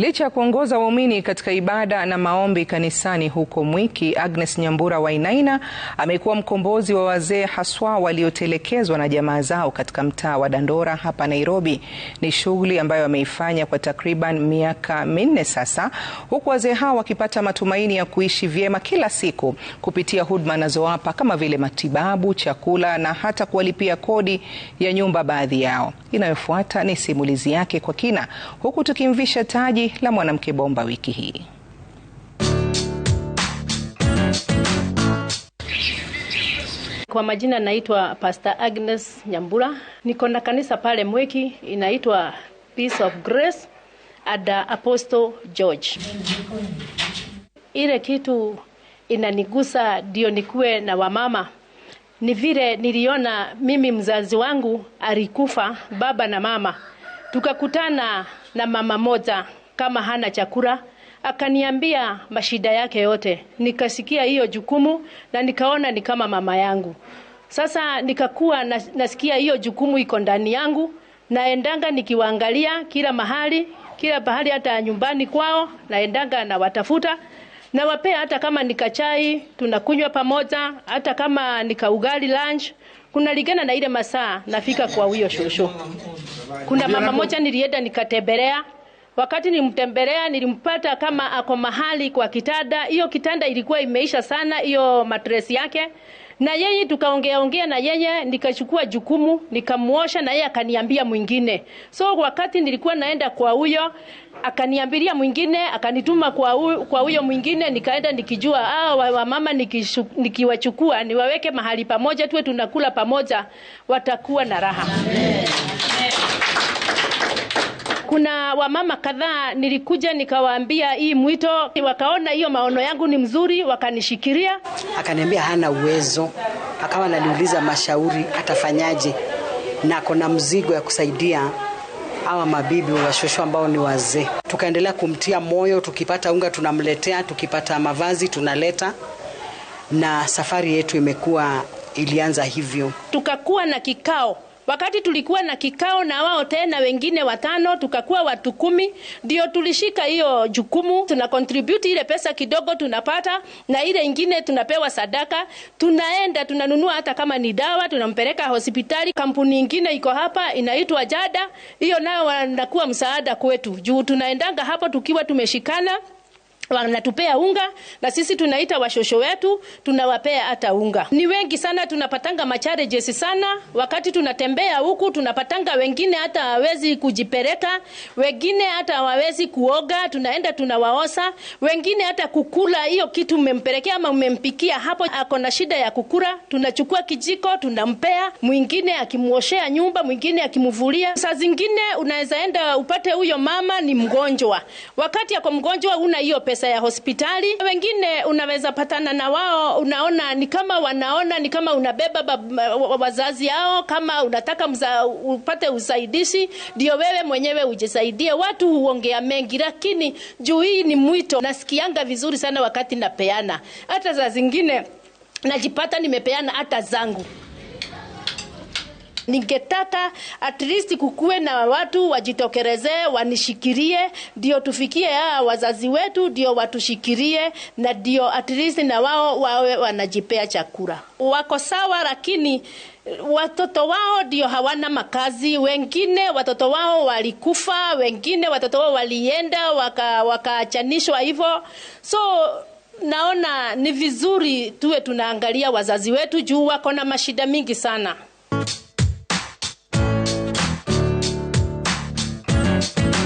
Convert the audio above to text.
Licha ya kuongoza waumini katika ibada na maombi kanisani huko Mwiki, Agnes Nyambura Wainaina amekuwa mkombozi wa wazee haswa waliotelekezwa na jamaa zao katika mtaa wa Dandora hapa Nairobi. Ni shughuli ambayo ameifanya kwa takriban miaka minne sasa, huku wazee hao wakipata matumaini ya kuishi vyema kila siku kupitia huduma anazowapa kama vile matibabu, chakula na hata kuwalipia kodi ya nyumba baadhi yao. Inayofuata ni simulizi yake kwa kina, huku tukimvisha taji la mwanamke bomba wiki hii. Kwa majina naitwa Pastor Agnes Nyambura, niko na kanisa pale Mweki inaitwa Peace of Grace ada Apostle George. Ile kitu inanigusa ndio nikuwe na wamama ni vile niliona mimi mzazi wangu alikufa, baba na mama, tukakutana na mama moja kama hana chakula. Akaniambia mashida yake yote, nikasikia hiyo jukumu na nikaona ni kama mama yangu. Sasa nikakuwa nasikia hiyo jukumu iko ndani yangu, naendanga nikiwaangalia kila mahali, kila pahali, hata nyumbani kwao naendanga nawatafuta nawapea hata kama nikachai tunakunywa pamoja, hata kama nikaugali lunch. Kuna ligana na ile masaa nafika kwa huyo shosho. Kuna mama moja nilienda nikatembelea Wakati nilimtembelea nilimpata kama ako mahali kwa kitanda. Hiyo kitanda ilikuwa imeisha sana, hiyo matresi yake, na yeye tukaongea ongea na yeye, nikachukua jukumu nikamuosha, na yeye akaniambia mwingine. So wakati nilikuwa naenda kwa huyo, akaniambilia mwingine, akanituma kwa huyo, kwa huyo mwingine, nikaenda nikijua ah, wamama nikiwachukua niwaweke mahali pamoja, tuwe tunakula pamoja, watakuwa na raha Amen kuna wamama kadhaa nilikuja nikawaambia hii mwito, wakaona hiyo maono yangu ni mzuri, wakanishikiria. Akaniambia hana uwezo, akawa ananiuliza mashauri atafanyaje, na kuna mzigo ya kusaidia hawa mabibi washosho ambao ni wazee. Tukaendelea kumtia moyo, tukipata unga tunamletea, tukipata mavazi tunaleta, na safari yetu imekuwa ilianza hivyo. Tukakuwa na kikao Wakati tulikuwa na kikao na wao tena wengine watano, tukakuwa watu kumi, ndio tulishika hiyo jukumu. Tuna contribute ile pesa kidogo tunapata, na ile ingine tunapewa sadaka, tunaenda tunanunua, hata kama ni dawa tunampeleka hospitali. Kampuni ingine iko hapa inaitwa Jada, hiyo nayo wanakuwa msaada kwetu juu tunaendanga hapo tukiwa tumeshikana wanatupea unga na sisi tunaita washosho wetu tunawapea hata unga. Ni wengi sana, tunapatanga machallenges sana wakati tunatembea huku, tunapatanga wengine hata hawezi kujipereka, wengine hata hawawezi kuoga, tunaenda tunawaosa, wengine hata kukula hiyo kitu umempelekea ama umempikia hapo, ako na shida ya kukula, tunachukua kijiko tunampea, mwingine akimwoshea nyumba, mwingine akimvulia. Saa zingine unaweza enda upate huyo mama ni mgonjwa, wakati ako mgonjwa una hiyo pesa pesa ya hospitali. Wengine unaweza patana na wao, unaona ni kama wanaona ni kama unabeba wazazi yao, kama unataka mza, upate usaidizi ndio wewe mwenyewe ujisaidie. Watu huongea mengi, lakini juu hii ni mwito, nasikianga vizuri sana wakati napeana, hata za zingine najipata nimepeana hata zangu ningetaka at least kukuwe na watu wajitokerezee, wanishikirie, ndio tufikie hawa wazazi wetu, ndio watushikirie na ndio at least na wao wawe wanajipea chakula. Wako sawa, lakini eh, watoto wao ndio hawana makazi. Wengine watoto wao walikufa, wengine watoto wao walienda wakaachanishwa waka hivyo, so naona ni vizuri tuwe tunaangalia wazazi wetu juu wako na mashida mingi sana.